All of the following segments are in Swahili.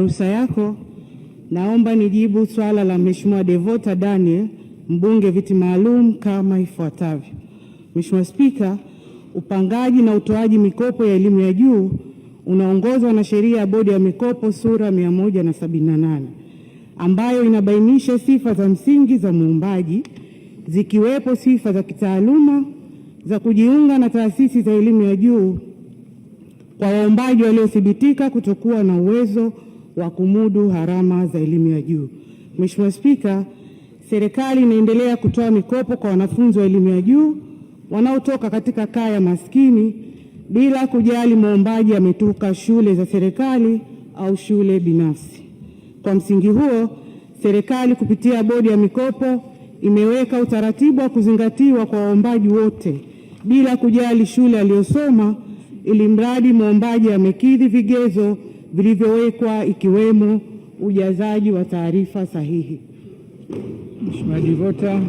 ruhusa yako, naomba nijibu swala la Mheshimiwa Devota Daniel, mbunge viti maalum kama ifuatavyo. Mheshimiwa Spika, upangaji na utoaji mikopo ya elimu ya juu unaongozwa na sheria ya bodi ya mikopo sura 178 ambayo inabainisha sifa za msingi za muumbaji zikiwepo sifa za kitaaluma za kujiunga na taasisi za elimu ya juu kwa waombaji waliothibitika kutokuwa na uwezo wa kumudu gharama za elimu ya juu. Mheshimiwa Spika, serikali inaendelea kutoa mikopo kwa wanafunzi wa elimu ya juu wanaotoka katika kaya maskini bila kujali mwombaji ametoka shule za serikali au shule binafsi. Kwa msingi huo, serikali kupitia bodi ya mikopo imeweka utaratibu wa kuzingatiwa kwa waombaji wote bila kujali shule aliyosoma, ili mradi mwombaji amekidhi vigezo vilivyowekwa ikiwemo ujazaji wa taarifa sahihi. Mheshimiwa Divota.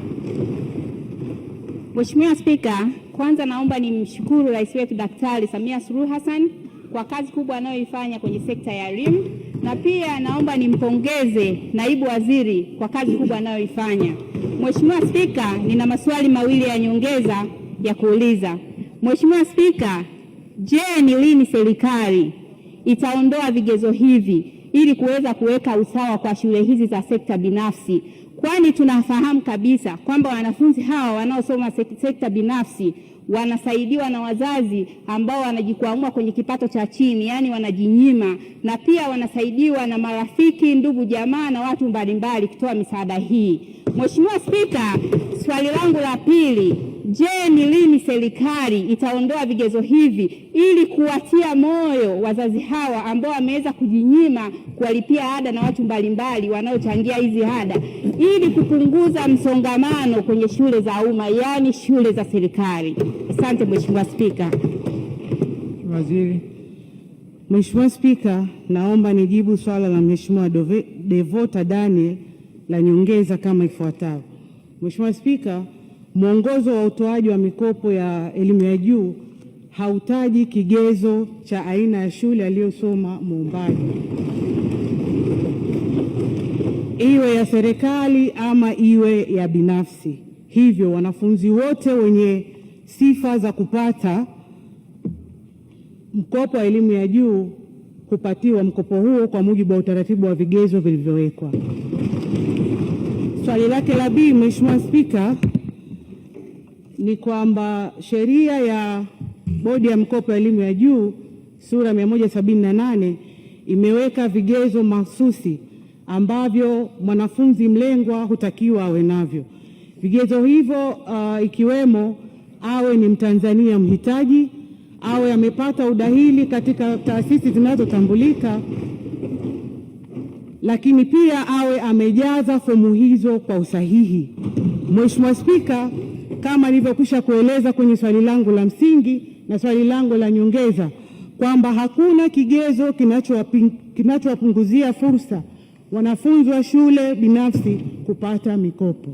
Mheshimiwa Spika, kwanza naomba nimshukuru Rais wetu Daktari Samia Suluhu Hassan kwa kazi kubwa anayoifanya kwenye sekta ya elimu, na pia naomba nimpongeze naibu waziri kwa kazi kubwa anayoifanya. Mheshimiwa Spika, nina maswali mawili ya nyongeza ya kuuliza. Mheshimiwa Spika, je, ni lini serikali itaondoa vigezo hivi ili kuweza kuweka usawa kwa shule hizi za sekta binafsi, kwani tunafahamu kabisa kwamba wanafunzi hawa wanaosoma sekta binafsi wanasaidiwa na wazazi ambao wanajikwamua kwenye kipato cha chini, yaani wanajinyima, na pia wanasaidiwa na marafiki, ndugu, jamaa na watu mbalimbali kutoa misaada hii. Mheshimiwa Spika, swali langu la pili Je, ni lini serikali itaondoa vigezo hivi ili kuwatia moyo wazazi hawa ambao wameweza kujinyima kuwalipia ada na watu mbalimbali wanaochangia hizi ada ili kupunguza msongamano kwenye shule za umma, yaani shule za serikali? Asante Mheshimiwa Spika. Waziri. Mheshimiwa Spika, naomba nijibu swala la Mheshimiwa Devota Daniel la nyongeza kama ifuatavyo. Mheshimiwa Spika, Mwongozo wa utoaji wa mikopo ya elimu ya juu hautaji kigezo cha aina ya shule aliyosoma muombaji, iwe ya serikali ama iwe ya binafsi. Hivyo wanafunzi wote wenye sifa za kupata mkopo wa elimu ya juu hupatiwa mkopo huo kwa mujibu wa utaratibu wa vigezo vilivyowekwa. Swali lake la B, Mheshimiwa Spika ni kwamba sheria ya bodi ya mkopo ya elimu ya juu sura 178 imeweka vigezo mahsusi ambavyo mwanafunzi mlengwa hutakiwa awe navyo. Vigezo hivyo uh, ikiwemo awe ni Mtanzania mhitaji, awe amepata udahili katika taasisi zinazotambulika, lakini pia awe amejaza fomu hizo kwa usahihi. Mheshimiwa Spika, kama nilivyokwisha kueleza kwenye swali langu la msingi na swali langu la nyongeza kwamba hakuna kigezo kinachowapunguzia fursa wanafunzi wa shule binafsi kupata mikopo.